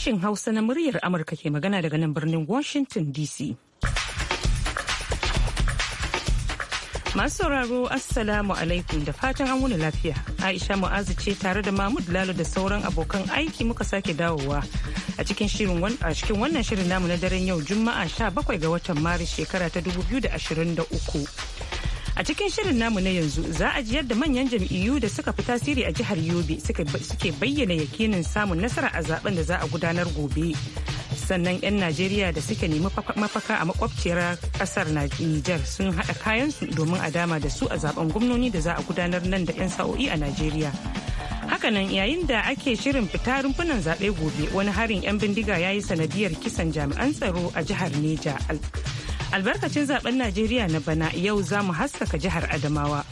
Sashin Hausa na muryar Amurka ke magana daga nan birnin Washington DC. Masu sauraro Assalamu alaikum da fatan an wuni lafiya. Aisha Mu'azu ce tare da Mahmud Lalo da sauran abokan aiki muka sake dawowa a cikin a cikin wannan shirin namu na daren yau Juma'a 17 ga watan Maris shekara ta 2023. A cikin shirin namu na yanzu za a ji yadda manyan jam'iyyu da suka fi tasiri a jihar Yobe suke bayyana yakinin samun nasara a zaben da za a gudanar gobe. Sannan 'yan Najeriya da suke nemi mafaka a makwabciyar kasar Nijar sun haɗa kayansu domin a dama da su a zaben gwamnoni da za a gudanar nan da 'yan sa'o'i a Najeriya. Hakanan yayin da ake shirin fita rumfunan zaɓe gobe wani harin 'yan bindiga ya yi sanadiyar kisan jami'an tsaro a jihar Neja. albarkacin zaben najeriya na bana yau za mu haskaka jihar adamawa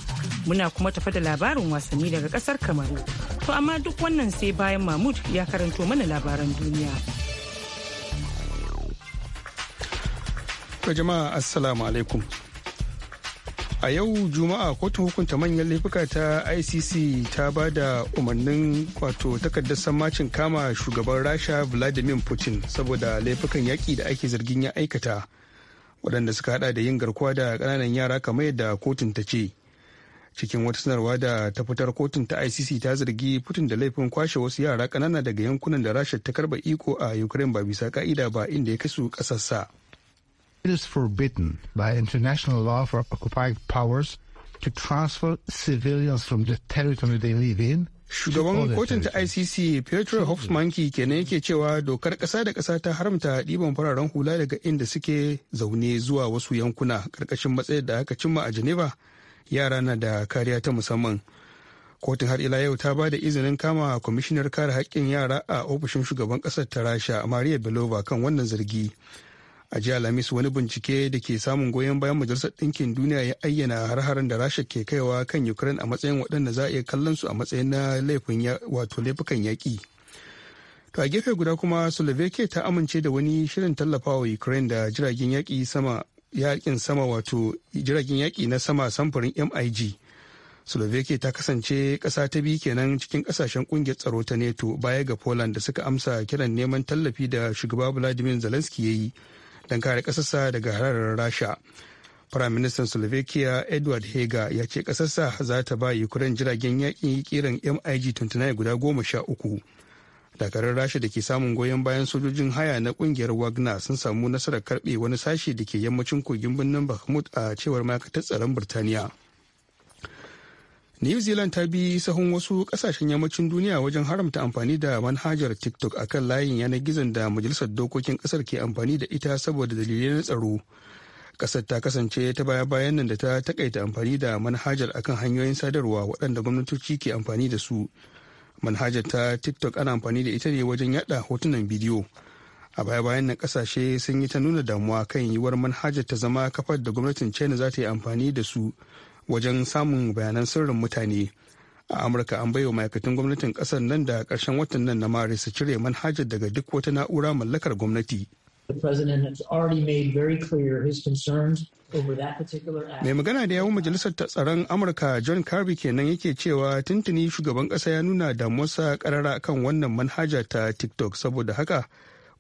muna kuma tafa da labarin wasanni daga kasar kamaru to amma duk wannan sai bayan mahmud ya karanto mana labaran duniya jama'a assalamu alaikum a yau juma'a kotun hukunta manyan laifuka ta icc ta ba da umarnin wato takardar sammacin kama shugaban rasha vladimir putin saboda laifukan yaƙi da ake zargin ya aikata waɗanda suka hada da yin garkuwa da ƙananan yara kamar yadda kotun ta ce cikin wata sanarwa da ta fitar kotun ta icc ta zargi putin da laifin kwashe wasu yara ƙanana daga yankunan da rasha ta karba iko a ukraine ba bisa ka'ida ba inda ya kasu ƙasarsa It is forbidden by international law for occupied powers to transfer civilians from the territory they live in shugaban kotun ta icc petro ke kenan yake cewa dokar kasa da kasa ta haramta ɗiban fararen hula daga inda suke zaune zuwa wasu yankuna ƙarƙashin matsayar da aka cimma a geneva yara na da kariya ta musamman kotun har ila yau ta ba da izinin kama kwamishinar kare haƙƙin yara a ofishin shugaban ƙasar ta rasha maria belova kan wannan zargi a jiya lamis wani bincike da ke samun goyon bayan majalisar ɗinkin duniya ya ayyana har-haren da rasha ke kaiwa kan ukraine a matsayin waɗanda za a iya kallon su a matsayin na laifin wato laifukan yaƙi to a gefe guda kuma slovakia ta amince da wani shirin tallafawa ukraine da jiragen yaƙi sama yaƙin sama wato jiragen yaƙi na sama samfurin mig slovakia ta kasance ƙasa ta biyu kenan cikin ƙasashen ƙungiyar tsaro ta neto baya ga poland da suka amsa kiran neman tallafi da shugaba vladimir zelensky ya yi don kare ƙasarsa daga hararar rasha Prime Minister Slovakia Edward Hega ya ce ƙasarsa za ta ba Ukraine jiragen yakin kiran MiG 29 guda goma sha uku. Dakarar Rasha da ke samun goyon bayan sojojin haya na kungiyar Wagner sun samu nasarar karbe wani sashe da ke yammacin kogin birnin Bakhmut a cewar ma'aikatar tsaron Birtaniya. new zealand ta bi sahun wasu kasashen yammacin duniya wajen haramta amfani da manhajar tiktok a kan layin yanar gizon da majalisar dokokin kasar ke amfani da ita saboda dalilai na tsaro kasar ta kasance ta baya bayan nan da ta takaita amfani da manhajar akan hanyoyin sadarwa waɗanda gwamnatoci ke amfani da su manhajar ta tiktok ana amfani da ita ne wajen yada hotunan bidiyo a baya bayan nan kasashe sun yi ta nuna damuwa kan yiwuwar manhajar ta zama kafar da gwamnatin china za ta yi amfani da su wajen samun bayanan sirrin mutane a amurka an baiwa ma'aikatan gwamnatin kasar nan da karshen watan nan na maris su cire manhajar daga duk wata na'ura mallakar gwamnati mai magana da yawun majalisar tsaron amurka john kirby kenan yake cewa tuntuni shugaban kasa ya nuna damuwarsa karara kan wannan manhaja ta tiktok saboda haka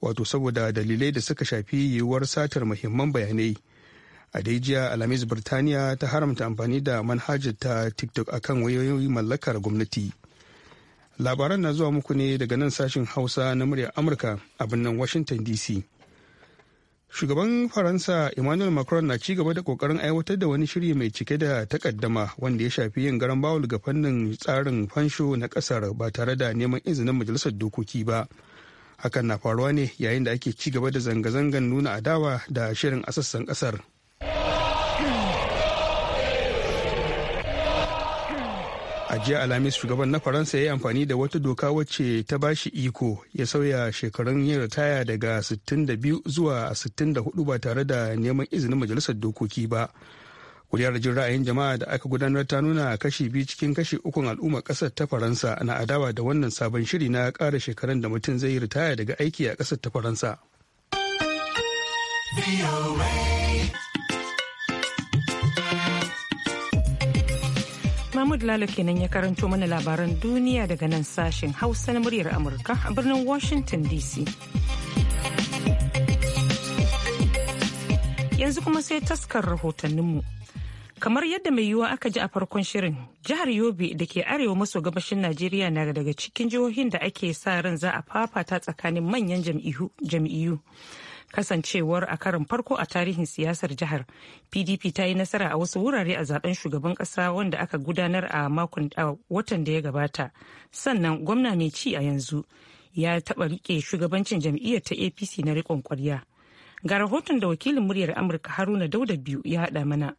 wato saboda dalilai da suka shafi yiwuwar satar muhimman bayanai a dai jiya alhamis birtaniya ta haramta amfani da manhajar ta tiktok akan wayoyin mallakar gwamnati labaran na zuwa muku ne daga nan sashen hausa na muryar amurka a birnin washington dc shugaban faransa emmanuel macron na ci gaba da kokarin aiwatar da wani shiri mai cike da takaddama wanda ya shafi yin garan bawul ga fannin tsarin fansho na kasar ba tare da neman izinin majalisar dokoki ba hakan na faruwa ne yayin da ake ci gaba da zanga-zangan nuna adawa da shirin asassan kasar a jiya alhamis shugaban na faransa ya yi amfani da wata doka wacce ta ba shi iko ya sauya shekarun yin ritaya daga 62 zuwa 64 ba tare da neman izinin majalisar dokoki ba kuriyar jin ra'ayin jama'a da aka gudanar ta nuna kashi biyu cikin kashi ukun al'umma kasar ta faransa na adawa da wannan sabon shiri na kara shekarun da mutum zai yi ritaya daga aiki a kasar ta faransa. Mahmud Lalo kenan ya karanto mana labaran duniya daga nan sashen Hausa na muryar Amurka a birnin Washington DC. Yanzu kuma sai taskar rahotanninmu. Kamar yadda mai yiwuwa aka ji a farkon shirin, jihar Yobe da ke arewa maso gabashin Najeriya na daga cikin jihohin da ake sa ran za a fafata tsakanin manyan jam'iyyu. kasancewar a karin farko a tarihin siyasar jihar pdp ta yi nasara a wasu wurare a zaben shugaban kasa wanda aka gudanar a makon watan da ya gabata sannan gwamna mai ci a yanzu ya taɓa rike shugabancin jam'iyyar ta apc na rikon kwarya ga rahoton da wakilin muryar amurka haruna dauda biyu ya haɗa mana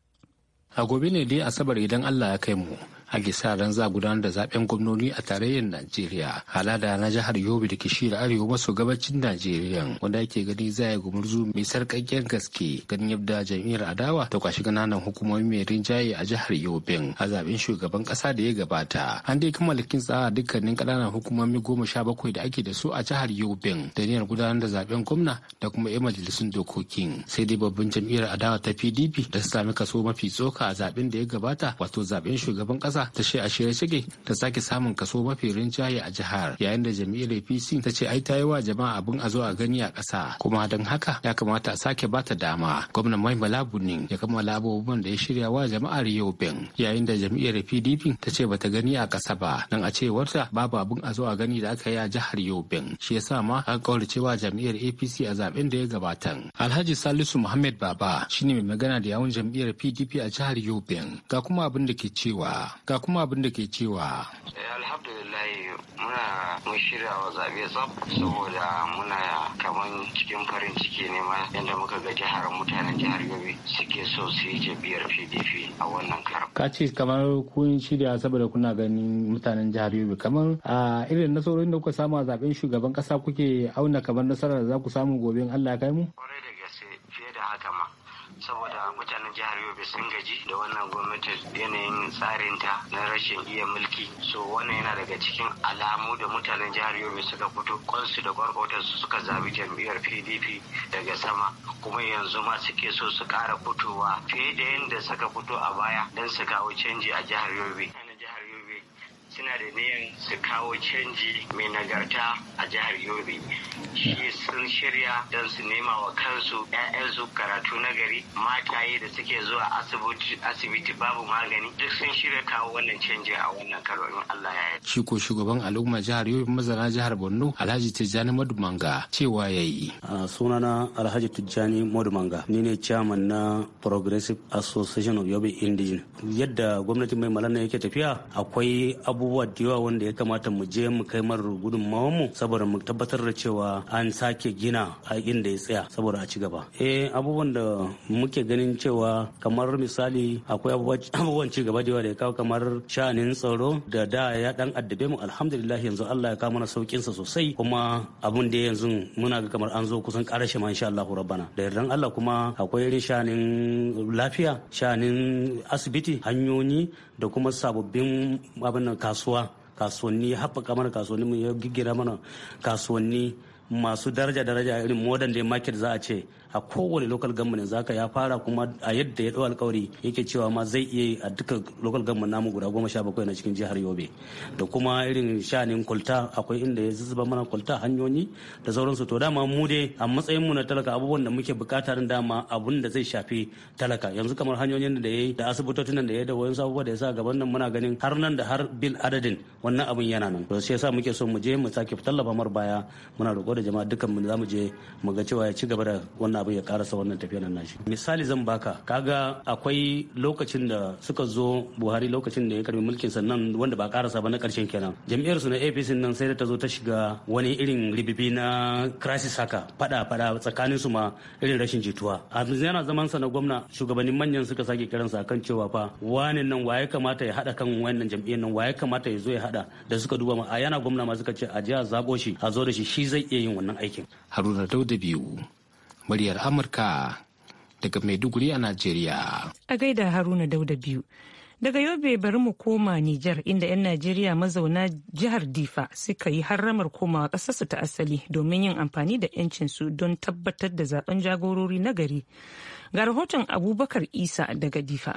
a gobe ne dai asabar idan allah ya kai mu a gisa ran za gudanar da zaben gwamnoni a tarayyar Najeriya halada na jihar Yobe da ke arewa maso gabacin Najeriya wanda ake gani za a yi gumurzu mai sarkakken gaske ganin yadda jam'iyyar adawa ta kwashi kananan hukumomi mai rinjaye a jihar Yobe a zaben shugaban ƙasa da ya gabata an dai kammala tsawa dukkanin ƙananan hukumomi goma sha bakwai da ake da su a jihar Yobe da niyyar gudanar da zaben gwamna da kuma 'yan majalisun dokokin sai dai babban jam'iyyar adawa ta PDP da su sami kaso mafi tsoka a zaben da ya gabata wato zaben shugaban ƙasa ƙasa ta ce a shirye take ta sake samun kaso mafi rinjaye a jihar yayin da jam'iyyar APC ta ce ai ta yi wa jama'a abin a zo a gani a ƙasa kuma don haka ya kamata a sake bata dama gwamnan Mai Malabuni ya kammala abubuwan da ya shirya wa jama'ar Yobin yayin da jam'iyyar PDP ta ce bata gani a ƙasa ba dan a cewarta babu abin a zo a gani da aka yi a jihar Yobin shi yasa ma an cewa jam'iyyar APC a zaben da ya gabata. Alhaji Salisu Muhammad Baba shine mai magana da yawun jam'iyyar PDP a jihar Yobin ga kuma abin da ke cewa ga kuma abin da ke cewa. Eh, alhamdulillahi muna mun shirya wa zaɓe tsab saboda muna kaman cikin farin ciki ne ma yadda muka ga jihar mutanen jihar yobe suke so su yi jabiyar pdp a wannan karan. ka ce kamar kun shirya saboda kuna ganin mutanen jihar yobe kamar a irin nasarorin da kuka samu a zaɓen shugaban kasa kuke auna kamar nasarar da za ku samu gobe in allah ya kai mu. saboda mutanen jihar Yobe sun gaji da wannan gwamnati yanayin tsarinta na rashin iya mulki so wannan yana daga cikin alamu da mutanen jihar Yobe suka fito kwansu da gwargwatar su suka zabi jam'iyyar PDP daga sama kuma yanzu ma suke so su kara fitowa fiye da yadda suka fito a baya don su kawo canji a jihar Yobe. suna da niyan su kawo canji mai nagarta a jihar yobe shi sun shirya don su nema wa kansu 'ya'yansu karatu na gari mataye da suke zuwa asibiti babu magani duk sun shirya kawo wannan canji a wannan karon allah ya shi ko shugaban al'umma jihar yobe mazana jihar borno alhaji tijjani madumanga cewa ya yi sunana alhaji tijjani madumanga ni ne chairman na progressive association of yobe indigen yadda gwamnati mai malana yake tafiya akwai abu abubuwa da yawa wanda ya kamata mu je mu kai mara gudunmawar mu saboda mu tabbatar da cewa an sake gina a inda ya tsaya saboda a ci gaba eh abubuwan da muke ganin cewa kamar misali akwai abubuwan ci gaba da yawa da ya kawo kamar sha'anin tsaro da da ya dan addabe mu alhamdulillah yanzu Allah ya kawo mana saukin sa sosai kuma abun da yanzu muna ga kamar an zo kusan karashe ma insha Allah rabbana da yardan Allah kuma akwai irin sha'anin lafiya sha'anin asibiti hanyoyi da kuma sababbin abin nan kasuwa kasuwanni haɓaka mana kasuwanni mu ya gigira mana kasuwanni masu daraja daraja irin modern day market za a ce a kowane lokal government za ka ya fara kuma a yadda ya ɗau alkawari yake cewa ma zai iya a duka local government namu guda goma sha bakwai na cikin jihar yobe da kuma irin shanin kulta akwai inda ya zuzuba mana kwalta hanyoyi da sauransu to dama mu dai a matsayin mu na talaka abubuwan da muke bukata da dama abun da zai shafi talaka yanzu kamar hanyoyin da ya yi da asibitocin nan da ya yi da wayan abubuwa da ya sa gaban nan muna ganin har nan da har bil adadin wannan abun yana nan to sai yasa muke so mu je mu sake tallafa mar baya muna roƙo da jama'a dukkan mu za mu je mu ga cewa ya ci gaba da wannan wannan abu ya karasa wannan tafiya nan nashi misali zan baka kaga akwai lokacin da suka zo Buhari lokacin da ya karbi mulkin sannan wanda ba karasa ba na karshen kenan jam'iyyar su na APC nan sai da ta zo ta shiga wani irin ribibi na crisis haka fada fada tsakanin su ma irin rashin jituwa a yana zaman sa na gwamna shugabannin manyan suka sake kiransa akan cewa fa wani nan waye kamata ya hada kan wannan jam'iyyar nan waye kamata ya zo ya hada da suka duba ma a yana gwamna ma suka ce a jiya zabo shi a zo da shi shi zai iya yin wannan aikin haruna dauda biyu muryar Amurka daga Maiduguri a Najeriya. A gaida Haruna Dauda biyu. Daga Yobe bari mu koma Nijar inda 'yan Najeriya mazauna jihar Difa suka yi harramar komawa ƙasarsu ta asali domin yin amfani da 'yancinsu don tabbatar da zaben jagorori na gari. Ga rahoton Abubakar Isa daga Difa.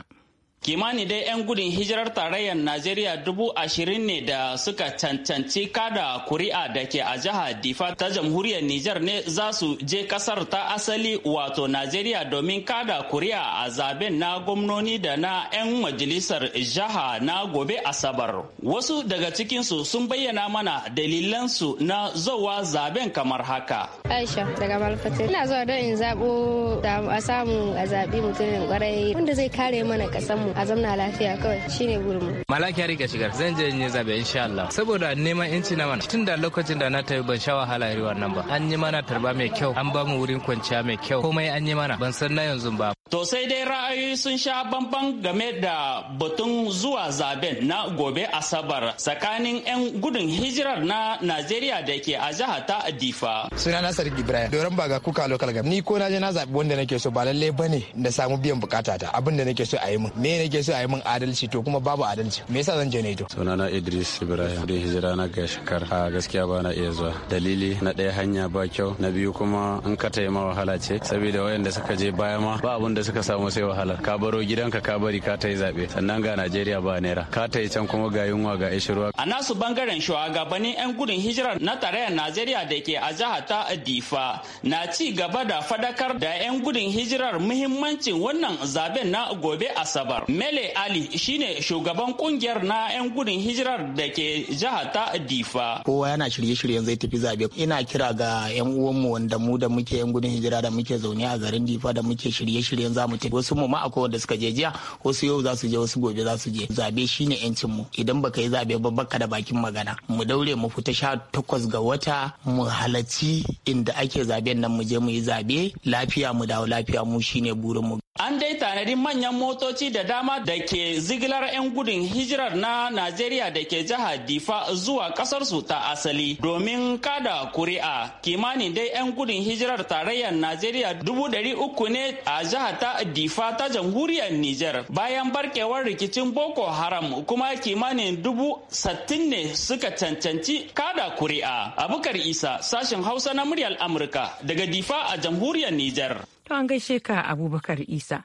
kimanin dai 'yan gudun hijirar tarayyar Najeriya dubu ashirin ne da suka cancanci kada kuri'a da ke a jihar Difa ta jamhuriyar Nijar ne za su je kasar ta asali wato Najeriya domin kada kuri'a a zaben na gwamnoni da na 'yan majalisar jiha na gobe Asabar. Wasu daga cikinsu sun bayyana mana dalilansu na zowa zaben kamar haka. Aisha daga Malfatai. Ina zuwa don in zaɓo a samu a zaɓi mutumin wanda zai kare mana ƙasarmu a zamna lafiya kawai shine gurin malaki ya rike shigar zan je in zabe insha Allah saboda neman yanci na mana tun da lokacin da na tafi ban sha wahala irin wannan ba an yi mana tarba mai kyau an bamu wurin kwanciya mai kyau komai an yi mana ban san na yanzu ba to sai dai ra'ayoyi sun sha bamban game da batun zuwa zaben na gobe asabar tsakanin 'yan gudun hijirar na najeriya da ke a jiha ta difa sunana sadiq ibrahim doron baga kuka local gam ni ko na je na zabi wanda nake so ba lalle bane da samu biyan bukata ta abin da nake so a yi min ne ke so a yi min adalci to kuma babu adalci me yasa zan je ne to sunana Idris Ibrahim da hijira na ga shekar a gaskiya ba na iya zuwa dalili na ɗaya hanya ba kyau na biyu kuma an ka ma wahala ce saboda wayanda suka je baya ma ba abun da suka samu sai wahala ka baro gidanka ka bari ka ta yi zaɓe sannan ga Najeriya ba naira ka ta yi can kuma ga yunwa ga ishirwa a nasu bangaren shugabannin 'yan gudun hijirar na tarayyar Najeriya da ke a jiha ta adifa na ci gaba da fadakar da 'yan gudun hijirar muhimmancin wannan zaben na gobe Asabar. Mele Ali shine shugaban kungiyar na 'yan gudun hijirar da ke jihar ta Difa. Kowa yana shirye-shiryen zai tafi zabe. Ina kira ga 'yan uwanmu wanda mu da muke 'yan gudun hijira da muke zaune a garin Difa da muke shirye-shiryen za mu tafi. Wasu mu ma akwai wanda suka je jiya, wasu yau za su je, wasu gobe za su je. Zabe shine 'yancin mu. Idan baka yi zabe ba baka da bakin magana. Mu daure mu fita sha takwas ga wata mu halarci inda ake zaben nan mu je mu yi zabe lafiya mu dawo lafiya mu shine burin mu. An dai tanadi manyan motoci da dama da ke zigilar 'yan gudun hijirar na Najeriya da ke jihar Difa zuwa kasarsu ta asali domin kada kuri'a. Kimanin dai 'yan gudun hijirar tarayyar Najeriya dubu dari uku ne a jihar ta Difa ta jamhuriyar Nijar. Bayan barkewar rikicin Boko Haram kuma kimanin dubu sattin ne suka cancanci kada kuri'a. Abubakar Isa sashen Hausa na muryar Amurka daga Difa a jamhuriyar Nijar. To an gaishe ka Abubakar Isa.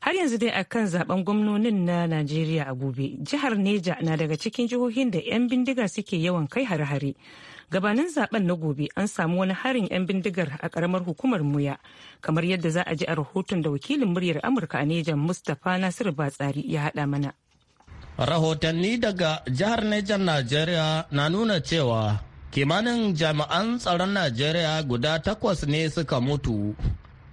har yanzu dai akan zaben gwamnonin na najeriya a gobe jihar neja na daga cikin jihohin da 'yan bindiga suke yawan kai hare-hare gabanin zaben na gobe an samu wani harin 'yan bindigar a karamar hukumar muya kamar yadda za a ji a rahoton da wakilin muryar amurka a neja mustapha nasiru batsari ya haɗa mana rahotanni daga jihar neja najeriya na nuna cewa kimanin jami'an tsaron najeriya guda takwas ne suka mutu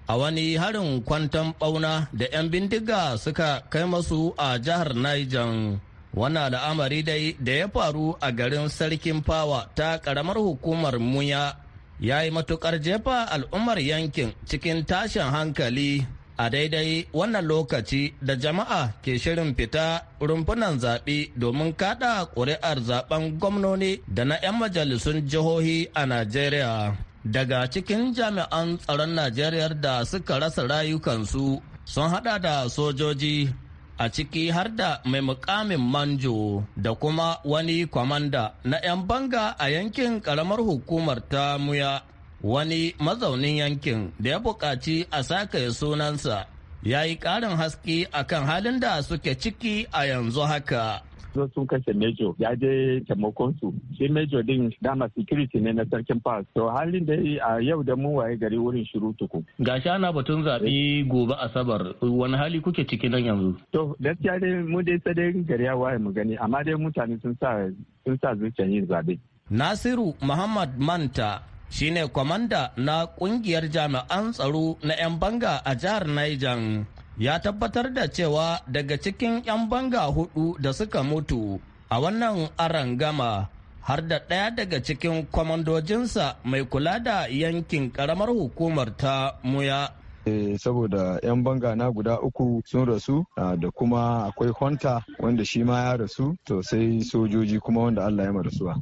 a wani harin kwantan bauna da 'yan bindiga suka kai masu a jihar Niger. Wannan al'amari dai da ya faru a garin Sarkin Fawa ta ƙaramar hukumar Muya ya yi matuƙar jefa al'ummar yankin cikin tashin hankali a daidai wannan lokaci da jama'a ke shirin fita rumfunan zaɓe domin kaɗa ƙuri'ar zaɓen gwamnoni da na 'yan majalisun jihohi a Najeriya. daga cikin jami'an tsaron najeriya da suka rasa rayukansu sun hada da sojoji a ciki har da mai mukamin manjo da kuma wani kwamanda na 'yan banga a yankin karamar hukumar ta muya wani mazaunin yankin da ya buƙaci a sake sunansa ya yi ƙarin haske akan halin da suke ciki a yanzu haka zo sun kashe mejo ya je taimakon su shi mejo din dama security ne na sarkin pass to halin da a yau da mu waye gari wurin shiru tuku gashi ana batun zabi gobe asabar wani hali kuke ciki nan yanzu to gaskiya dai mu dai sai dai gari ya waye mu gani amma dai mutane sun sa sun sa zuciyar yin zaɓe Nasiru Muhammad Manta shine kwamanda na kungiyar jami'an tsaro na 'yan banga a jihar Niger. ya tabbatar da cewa daga cikin 'yan banga hudu da suka mutu a wannan arangama har da ɗaya daga cikin kwamandojinsa mai kula da yankin ƙaramar hukumar ta muya eh, saboda 'yan banga na guda uku sun rasu ah, da kuma akwai honta wanda shi ma ya rasu to sai sojoji kuma wanda allah ya rasuwa.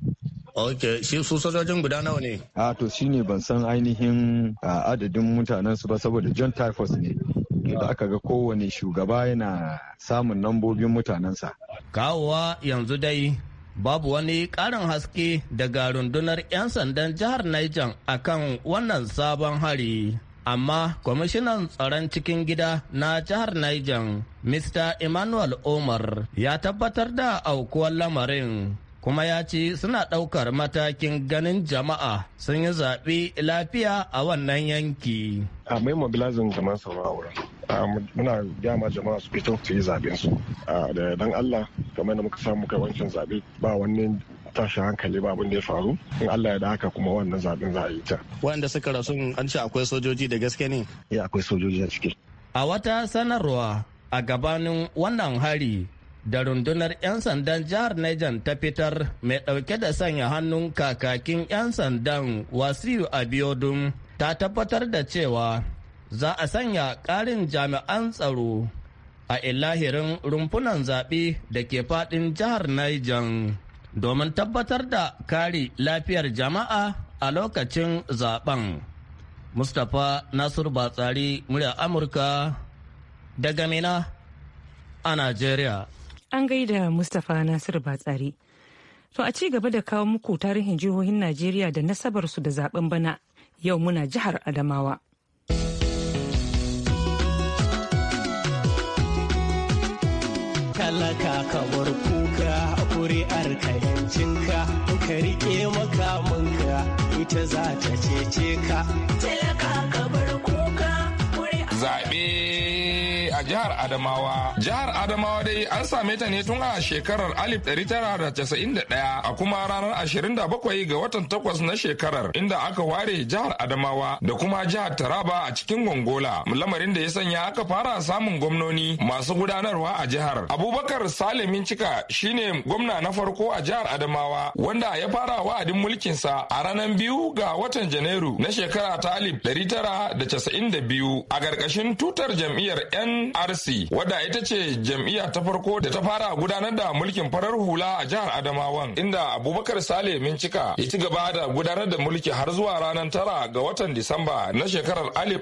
ok shi su sojojin guda nawa ne a ah, to shine ban san ainihin ah, adadin mutanen su ba saboda john typhus ne inda aka ga kowane shugaba yana samun nambobin mutanensa. Kawowa yanzu dai babu wani ƙarin haske daga rundunar 'yan sandan jihar Niger akan wannan sabon hari. Amma kwamishinan tsaron cikin gida na jihar Niger, Mr. Emmanuel Omar, ya tabbatar da aukuwar lamarin. kuma ya ce suna ɗaukar matakin ganin jama'a sun yi zaɓe lafiya a wannan yanki. a mai mobilizin sauran wurin muna gyama jama'a su fito su yi zaben su da dan Allah kamar da muka samu kai wancan zabe ba wani tashin hankali ba abin da ya faru in Allah ya da haka kuma wannan zaben za a yi ta wanda suka rasu an ce akwai sojoji da gaske ne ya eh, akwai sojoji a ciki a wata sanarwa a gabanin wannan hari da rundunar 'yan sandan jihar Niger ta fitar mai ɗauke da sanya hannun kakakin 'yan sandan wasiyu abiodun ta tabbatar da cewa za a sanya ƙarin jami'an tsaro a ilahirin rumfunan zaɓe da ke faɗin jihar Niger domin tabbatar da kare lafiyar jama'a a lokacin zaben. Mustapha Nasir Batsari murya Amurka daga Mina a Najeriya. An gaida Mustapha Nasir Batsari. To a ci gaba da kawo muku tarihin jihohin Najeriya da nasabarsu da zaben bana yau muna jihar Adamawa. talaka ka bar kuka kuri'ar ka yancinka ka rike makamanka ita za ta cece ka talaka ka bar kuka kuri'ar jihar Adamawa. Jihar Adamawa dai an same ta ne tun a shekarar 1991 a kuma ranar 27 ga watan takwas na shekarar inda aka ware jihar Adamawa da kuma jihar Taraba a cikin Gongola. Lamarin da ya sanya aka fara samun gwamnoni masu gudanarwa a jihar. Abubakar Salimin Cika shine gwamna na farko a jihar Adamawa wanda ya fara wa'adin mulkinsa a ranar biyu ga watan Janairu na shekara ta 1992 a ƙarƙashin tutar jam'iyyar yan nrc wadda ita ce jam'iyya ta farko da ta fara gudanar da mulkin farar hula a jihar Adamawan inda Abubakar Sale Mincika ya ci gaba da gudanar da mulki har zuwa ranar tara ga watan Disamba na shekarar alif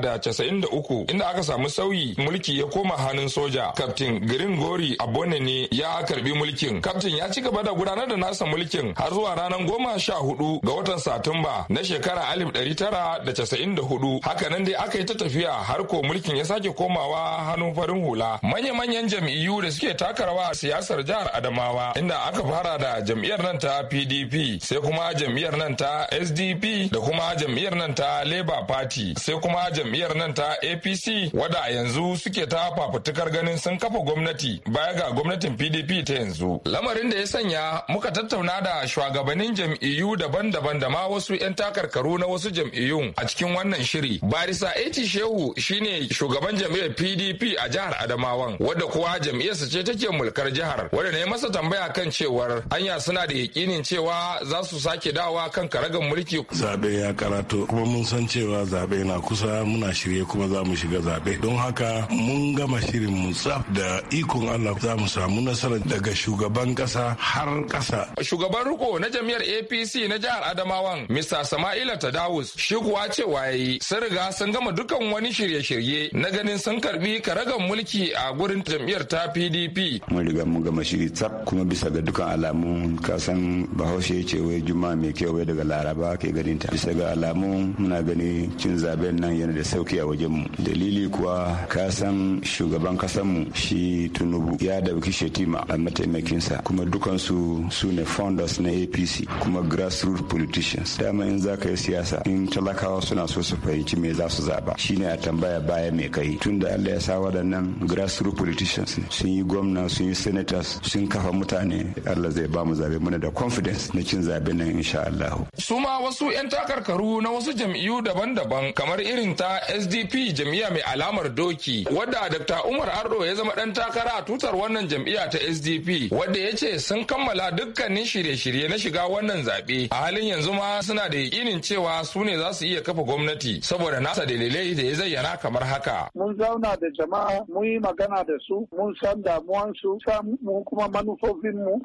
da casa'in 1993 inda aka samu sauyi mulki ya koma hannun soja. Kaftin Green Gori Abone ne ya karbi mulkin. Kaftin ya ci gaba da gudanar da nasa mulkin har zuwa ranar goma sha hudu ga watan Satumba na shekara 1994. Hakanan dai aka yi ta tafiya har ko mulkin ya sake komawa komawa hannun farin hula manya-manyan jam'iyyu da suke taka rawa a siyasar jihar adamawa inda aka fara da jam'iyyar nan ta pdp sai kuma jam'iyyar nan ta sdp da kuma jam'iyyar nan ta labour party sai kuma jam'iyyar nan ta apc wada yanzu suke ta fafutukar ganin sun kafa gwamnati baya ga gwamnatin pdp ta yanzu lamarin da ya sanya muka tattauna da shugabannin jam'iyyu daban-daban da ma wasu 'yan takarkaru na wasu jam'iyyun a cikin wannan shiri barisa eti shehu shine shugaban jam'iyyar PDP a jihar Adamawan wadda kuwa jam'iyyarsa ce take mulkar jihar wadda ne masa tambaya kan cewar anya suna da yakinin cewa za su sake dawa kan karagan mulki. Zabe ya karato kuma mun san cewa zabe na kusa muna shirye kuma za mu shiga zabe don haka mun gama shirin mu tsaf da ikon Allah za mu samu nasara daga shugaban kasa har kasa. Shugaban riko na jam'iyyar APC na jihar Adamawan Mr. Sama'ila Tadawus shi kuwa cewa yayi sun riga sun gama dukan wani shirye-shirye na ganin sun kar karbi karagan mulki a gurin jam'iyyar ta pdp mun riga mun gama shiri tsak kuma bisa ga dukkan alamu kasan bahaushe ya ce wai juma'a mai kyau wai daga laraba ke ganin ta bisa ga alamu muna gani cin zaben nan yana da sauki a wajen mu dalili kuwa ka san shugaban kasan mu shi tunubu ya dauki shetima a mataimakinsa kuma dukansu su ne founders na apc kuma grassroots politicians dama in za ka yi siyasa in talakawa suna so su fahimci me za su zaba shine a tambaya baya mai kai tun da da ya sa waɗannan grassroots politicians sun yi gwamna sun yi senators sun kafa mutane Allah zai ba mu zabe muna da confidence na cin zabe nan insha Allah. Su ma wasu 'yan takarkaru na wasu jam'iyyu daban-daban kamar irin ta SDP jam'iyya mai alamar doki wadda Dr. Umar Ardo ya zama dan takara a tutar wannan jam'iyya ta SDP wadda ya ce sun kammala dukkanin shirye-shirye na shiga wannan zabe a halin yanzu ma suna da yakinin cewa su ne za su iya kafa gwamnati saboda nasa dalilai da ya zayyana kamar haka. Mun zauna da jama'a mun yi magana da su mun san damuwansu mu kuma mu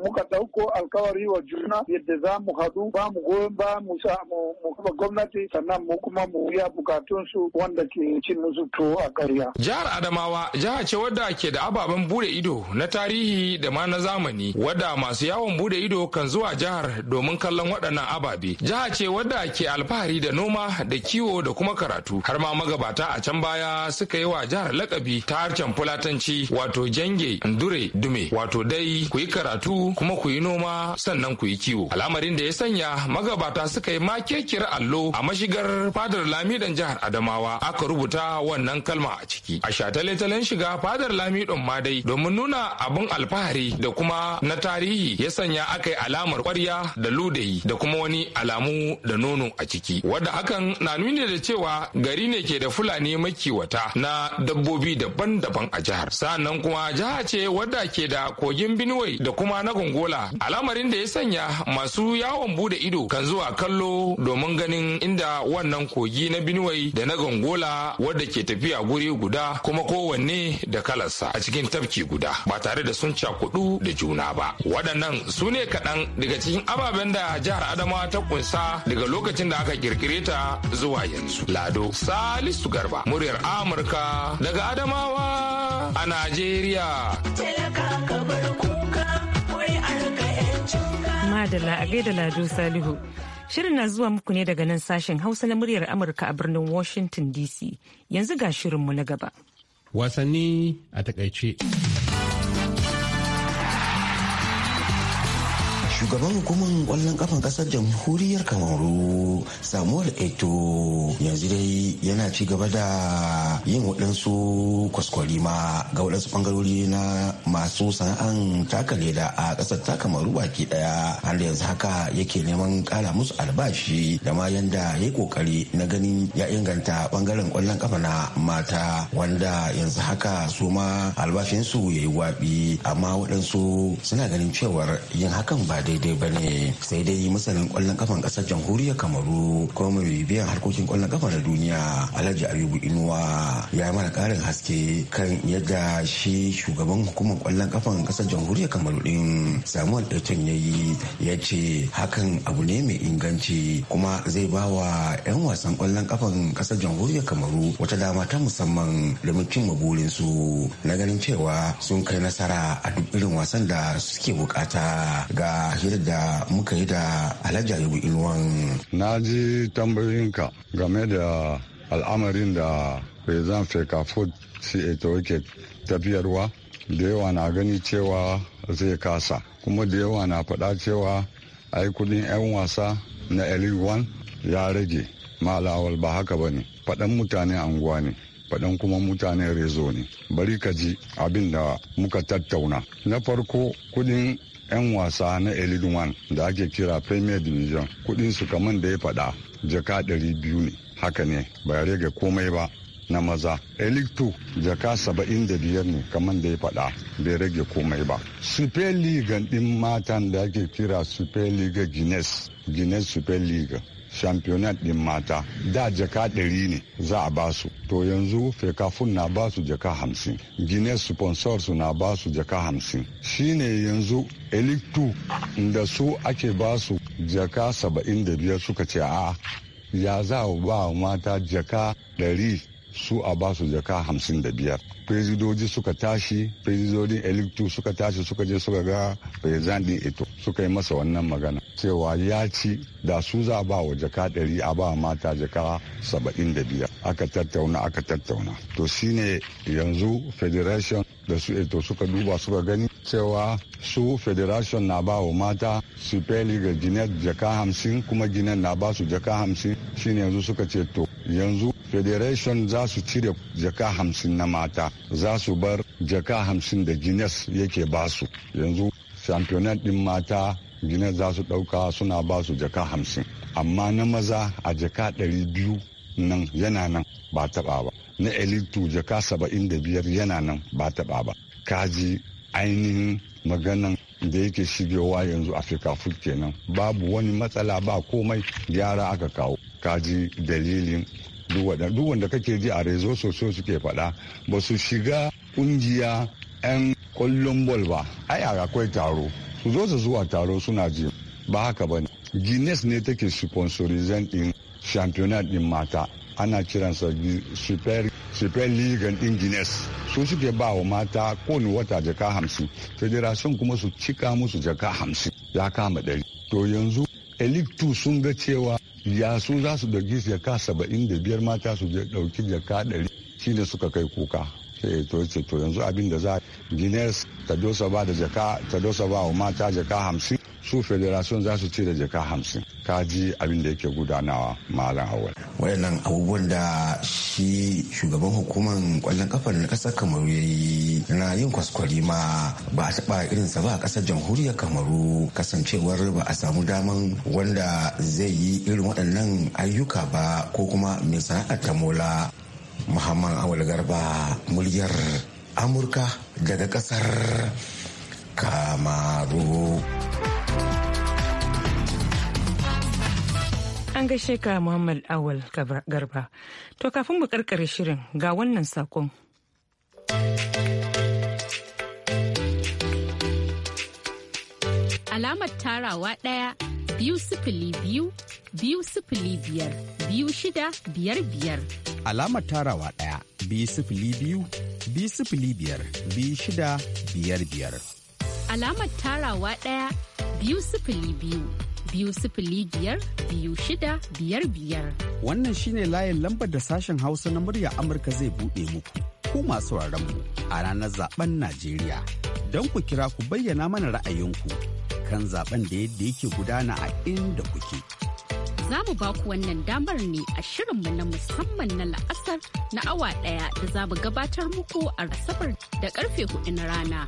muka ɗauko alkawari wa juna yadda za mu haɗu ba mu goyon ba mu sa mu kafa gwamnati sannan mu kuma mu ya bukatunsu wanda ke cin musu to a ƙarya. Jihar Adamawa jiha ce wadda ke da ababen bude ido na tarihi da ma na zamani wadda masu yawon bude ido kan zuwa jihar domin kallon waɗannan ababe. Jiha ce wadda ke alfahari da noma da kiwo da kuma karatu har ma magabata a can baya suka yi wa jihar lakabi ta harshen fulatanci wato jange ndure dume wato dai ku yi karatu kuma ku yi noma sannan ku yi kiwo al'amarin da ya sanya magabata suka yi makekiyar allo a mashigar fadar lamidan jihar adamawa aka rubuta wannan kalma a ciki a shataletalen shiga fadar lamidon ma dai domin nuna abin alfahari da kuma na tarihi ya sanya aka yi alamar kwarya da ludayi da kuma wani alamu da nono a ciki wadda hakan na nuni da cewa gari ne ke da fulani makiwata na dabbobi dabbobi daban-daban a jihar sannan kuma jiha ce wadda ke da kogin benue da kuma na gongola al'amarin da ya sanya masu yawon bude ido kan zuwa kallo domin ganin inda wannan kogi na benue da na gongola wadda ke tafiya guri guda kuma kowanne da kalarsa a cikin tafki guda ba tare da sun cakudu da juna ba waɗannan su ne kaɗan daga cikin ababen da jihar adama ta kunsa daga lokacin da aka kirkire ta zuwa yanzu lado salisu garba muryar amurka daga Adamawa a Najeriya. Madalla a gaida Lado Salihu. Shirin na zuwa muku ne daga nan sashen Hausa na muryar Amurka a birnin Washington DC. Yanzu ga shirinmu na gaba. Wasanni a takaice. shugaban hukumar kwallon kafan kasar jamhuriyar kamaru samuel eto yanzu dai yana ci gaba da yin waɗansu kwaskwarima ga waɗansu ɓangarori na masu sana'an taka leda a ƙasar ta kamaru baki ɗaya har da yanzu haka yake neman ƙara musu albashi da ma yanda ya yi ƙoƙari na ganin ya inganta ɓangaren kwallon kafa na mata wanda yanzu haka su ma albashinsu ya yi waɓi amma waɗansu suna ganin cewar yin hakan ba dai daidai ba ne sai dai masanin kwallon kafan kasar jamhuriyar kamaru kuma mai biyan harkokin kwallon kafa na duniya alhaji ayubu inuwa ya mana karin haske kan yadda shi shugaban hukumar kwallon kafan kasar jamhuriyar kamaru din samuel eton ya yi ya ce hakan abu ne mai inganci kuma zai ba wa 'yan wasan kwallon kafan kasar jamhuriyar kamaru wata dama ta musamman domin burin su na ganin cewa sun kai nasara a duk irin wasan da suke bukata ga hira da muka yi da alhaji ayubu inuwan na ji ka. game da al'amarin da president feka food ceto yake tafiyarwa da yawa na gani cewa zai kasa kuma da yawa na faɗa cewa ai kudin 'yan wasa na elite ya rage malawal ba haka ba ne faɗan mutane anguwa ne faɗan kuma mutane rezo ne bari ka ji abin da muka tattauna na farko kudin 'yan wasa na elite one da ake kira premier division kudin su kaman da ya faɗa jaka 200 ne haka ne ba rage komai ba na maza elite 2 jaka 75 ne kamar da ya faɗa bai rage komai ba super league din matan da ake kira super league guinness guinness super league championat din mata da jaka ɗari ne za a basu to yanzu fekafun na basu jaka hamsin guinness sponsors na basu jaka hamsin shine yanzu eliktu da su ake basu jaka saba'in da biyar suka ce a ya za ba mata jaka ɗari su a ba su jaka hamsin da biyar firizidoji suka tashi firizidojin eliktu suka tashi suka je suka ga firizan din ito suka yi masa wannan magana cewa ya ci da su za ba wa jaka ɗari a ba mata jaka saba'in da biyar aka tattauna aka tattauna to shine yanzu federation da su ito suka duba suka gani cewa su federation na ba wa mata su ga ginet jaka hamsin kuma ginet na ba su jaka hamsin shine yanzu suka ce to yanzu federation za su cire jaka hamsin na mata za su bar jaka hamsin da guinness yake basu yanzu championat din mata guinness za su ɗauka suna basu jaka hamsin amma na maza a jaka ɗari biyu nan yana nan ba taba ba na elitu jaka saba'in da biyar yana nan ba taba ba kaji ainihin maganan da yake shigewa yanzu afirka food kenan babu wani matsala ba komai gyara aka kawo kaji dalilin duk wanda kake ji a rezo sosai suke faɗa ba su shiga kungiya 'yan kwallon bol ba ai akwai taro su zo su zuwa taro suna ji ba haka ba ne guinness ne take sponsorizan din championat din mata ana kiransa super super league din guinness su suke ba wa mata kowane wata jaka hamsin federation kuma su cika musu jaka hamsin ya kama ɗari to yanzu elite 2 sun ga cewa ya su za su dauki jaka saba'in da biyar mata su dauki jaka ɗari shine suka kai kuka sai to ce to yanzu abin da za guinness ta dosa ba da jaka ta dosa ba wa mata jaka hamsin su federation za su da jaka hamsin ka ji abin da yake gudanawa malam awal wayannan abubuwan da shi shugaban hukumar kwallon kafar na kasar kamaru ya yi na yin kwaskwari ma ba a taba sa ba a kasar jamhuriyar kamaru kasancewar ba a samu daman wanda zai yi irin waɗannan ayyuka ba ko kuma mai sana'ar tamola muhammad awal garba muryar amurka daga ƙasar kamaru An gaishe ka Muhammad Awal Garba. To kafin mu karkare shirin ga wannan sakon. Alamar tarawa ɗaya biyu sifili biyu biyu sifili biyar biyu shida biyar biyar. Alamar tarawa ɗaya biyu sifili biyu biyu sifili biyar biyu shida biyar biyar. Alamar tarawa ɗaya biyu sifili biyu biyu sifili biyar biyu shida biyar biyar. Wannan shine layin lambar da sashen Hausa na murya Amurka zai buɗe muku ku masu mu a ranar zaben Najeriya don ku kira ku bayyana mana ra'ayinku kan zaben da yadda yake gudana a inda kuke. za mu ba ku wannan damar ne a shirinmu na musamman na la'asar na awa ɗaya da za mu gabatar muku a rasabar da karfe hudu na rana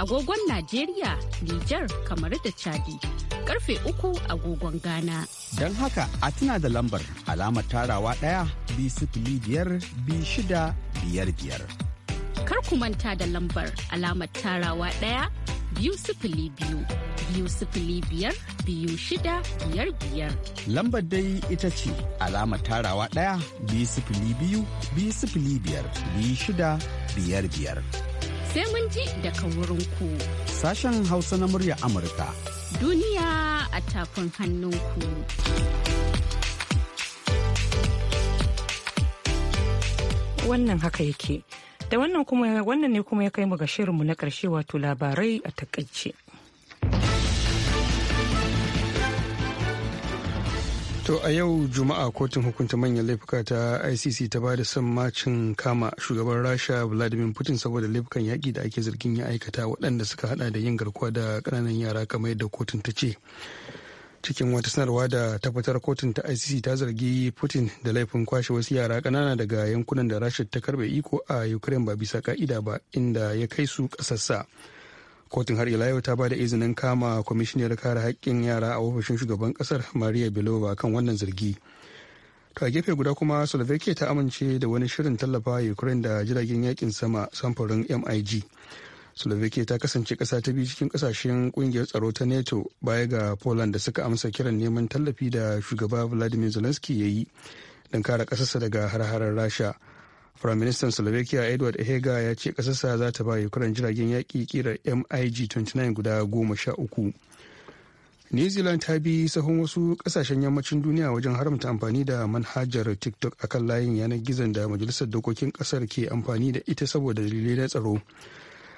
agogon najeriya nijar kamar da chadi karfe uku agogon Ghana. Don haka a tuna da lambar alamar tarawa ɗaya bi sifili biyar bi shida biyar biyar. Kar ku manta da lambar alamar tarawa ɗaya biyu sifili biyu biyu sifili biyar biyu shida biyar biyar. Lambar dai ita ce alamar tarawa ɗaya biyu sifili biyu biyu sifili biyar biyu shida biyar biyar. sai mun ji daga wurin ku. Sashen Hausa na murya Amurka. Duniya a tafin hannunku. Wannan haka yake. Da wannan wannan ne kuma ya kai mu ga shirinmu na ƙarshe wato labarai a takaice. To a yau Juma'a kotun hukunta manyan laifuka ta ICC ta ba da son macin kama shugaban Rasha Vladimir Putin saboda laifukan yaƙi da ake zargin ya aikata waɗanda suka hada da yin garkuwa da ƙananan yara kamar yadda kotun ta ce. Cikin wata sanarwa da tabbatar kotun ta ICC ta zargi Putin da laifin kwashe wasu yara ƙanana daga yankunan da Rasha ta karɓe iko a Ukraine ba bisa ka'ida ba inda ya kai su ƙasarsa. kotun har ila yau ta ba da izinin kama kwamishiniyar kare haƙƙin yara a ofishin shugaban kasar maria belova kan wannan zargi to a gefe guda kuma slovakia ta amince da wani shirin tallafa ukraine da jiragen yakin sama samfurin mig slovakia ta kasance kasa ta biyu cikin ƙasashen ƙungiyar tsaro ta nato baya ga poland da suka amsa kiran neman tallafi da shugaba vladimir zelensky ya yi don kare ƙasarsa daga har rasha Firaministan Slovakia Edward Ehega ya ce ƙasarsa za ta ba Ukraine jiragen yaƙi ƙirar MiG-29 guda goma sha uku. New Zealand ta bi sahun wasu ƙasashen yammacin duniya wajen haramta amfani da manhajar TikTok a kan layin yanar gizon da Majalisar Dokokin ƙasar ke amfani da ita saboda dalilai na tsaro.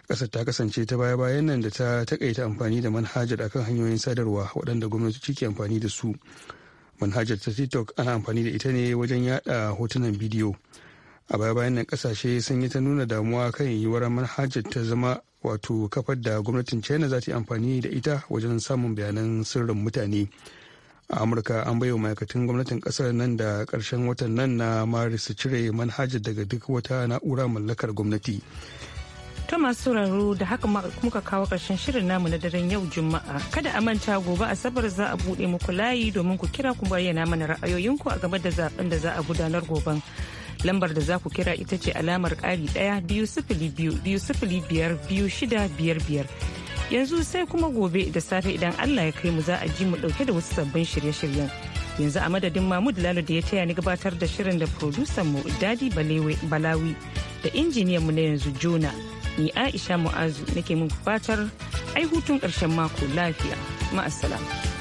Ƙasar ta kasance ta baya-bayan nan da ta takaita amfani da manhajar akan hanyoyin sadarwa waɗanda gwamnati ke amfani da su. Manhajar ta TikTok ana amfani da ita ne wajen yada hotunan bidiyo. a baya bayan nan kasashe sun yi ta nuna damuwa kan yiwuwar manhajar ta zama wato kafar da gwamnatin china za ta yi amfani da ita wajen samun bayanan sirrin mutane a amurka an baiwa ma'aikatan gwamnatin kasar nan da karshen watan nan na maris su cire manhajar daga duk wata na'ura mallakar gwamnati ta masu sauraro da haka muka kawo karshen shirin namu na daren yau juma'a kada a manta gobe asabar za a buɗe muku layi domin ku kira ku bayyana mana ra'ayoyinku a game da zaben da za a gudanar goben lambar da za ku kira ita ce alamar kari ɗaya biyu sifili biyu biyu sifili biyar biyu shida biyar biyar yanzu sai kuma gobe da safe idan allah ya kai mu za a ji mu ɗauke da wasu sabbin shirye-shiryen yanzu a madadin mahmud lalo da ya taya ni gabatar da shirin da producer mu dadi balawi da injiniyan mu na yanzu jona ni aisha mu'azu nake mun fatar ai hutun ƙarshen mako lafiya ma'asala.